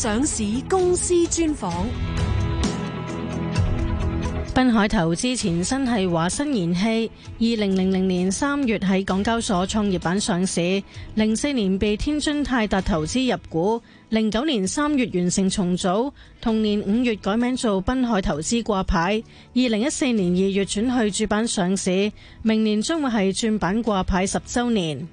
上市公司專訪。濱海投資前身係華新燃氣，二零零零年三月喺港交所創業板上市，零四年被天津泰達投資入股，零九年三月完成重組，同年五月改名做濱海投資掛牌，二零一四年二月轉去主板上市，明年將會係轉板掛牌十周年。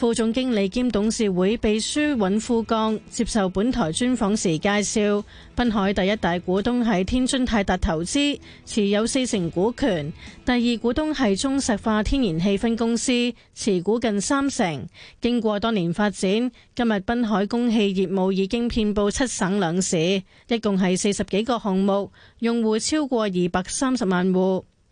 副總經理兼董事會秘書尹富剛接受本台專訪時介紹，濱海第一大股東喺天津泰達投資，持有四成股權；第二股東係中石化天然氣分公司，持股近三成。經過多年發展，今日濱海供氣業務已經遍布七省兩市，一共係四十幾個項目，用戶超過二百三十萬戶。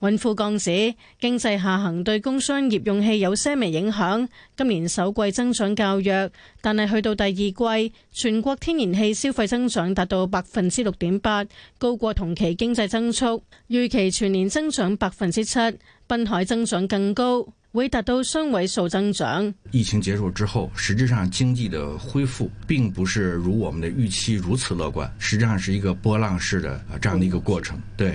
尹富鋼指，經濟下行對工商業用氣有些微影響。今年首季增長較弱，但係去到第二季，全國天然氣消費增長達到百分之六點八，高過同期經濟增速。預期全年增長百分之七，濱海增長更高，會達到雙位數增長。疫情結束之後，實際上經濟的恢復並不是如我們的預期如此樂觀，實際上是一個波浪式的這樣的一個過程。對。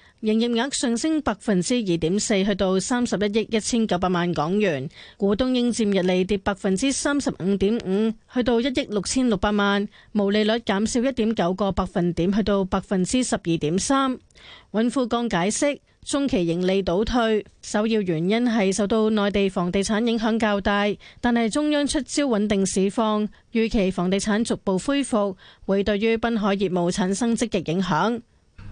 營業額上升百分之二點四，去到三十一億一千九百萬港元。股東應佔溢利跌百分之三十五點五，去到一億六千六百萬。毛利率減少一點九個百分點，去到百分之十二點三。尹富鋼解釋，中期盈利倒退，首要原因係受到內地房地產影響較大，但係中央出招穩定市況，預期房地產逐步恢復會對於濱海業務產生積極影響。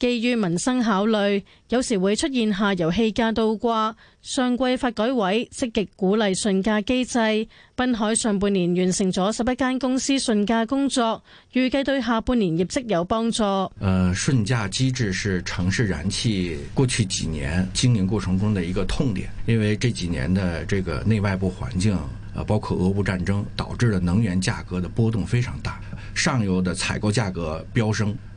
基於民生考慮，有時會出現下游氣價倒掛。上季發改委積極鼓勵順價機制，濱海上半年完成咗十一間公司順價工作，預計對下半年業績有幫助。誒、呃，順價機制是城市燃氣過去幾年經營過程中的一個痛點，因為這幾年的這個內外部環境，啊，包括俄烏戰爭，導致了能源價格的波動非常大，上游的採購價格飆升。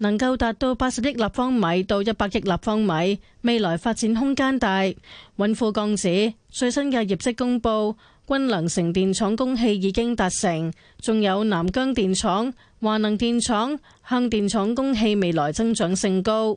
能夠達到八十億立方米到一百億立方米，未來發展空間大。尹富鋼指最新嘅業績公布，均能城電廠供氣已經達成，仲有南疆電廠、華能電廠、向電廠供氣，未來增長性高。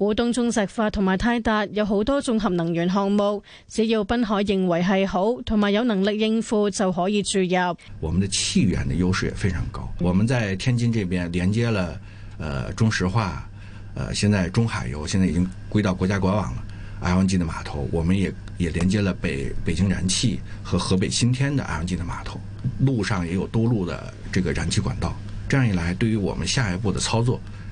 股東中石化同埋泰達有好多綜合能源項目，只要濱海認為係好同埋有能力應付就可以注入。我們的氣源的優勢也非常高，我們在天津這邊連接了，呃中石化，呃現在中海油現在已經歸到國家管網了 LNG 的碼頭，我們也也連接了北北京燃氣和河北新天的 LNG 的碼頭，路上也有多路的這個燃氣管道，這樣一來對於我們下一步的操作。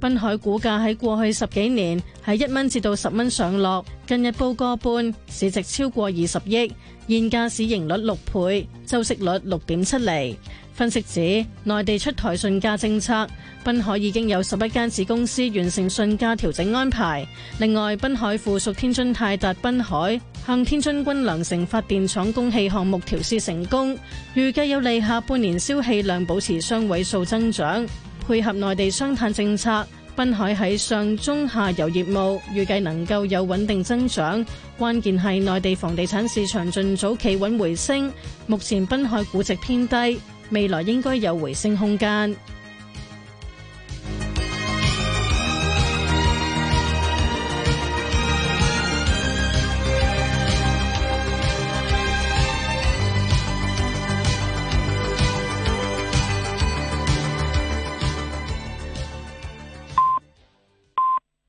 濱海股價喺過去十幾年喺一蚊至到十蚊上落，近日報個半，市值超過二十億，現價市盈率六倍，周息率六點七厘。分析指內地出台順價政策，濱海已經有十一間子公司完成順價調整安排。另外，濱海附屬天津泰達濱海向天津軍糧城發電廠供氣項目調試成功，預計有利下半年消氣量保持雙位數增長。配合內地雙碳政策，濱海喺上中下游業務預計能夠有穩定增長。關鍵係內地房地產市場盡早企穩回升。目前濱海估值偏低，未來應該有回升空間。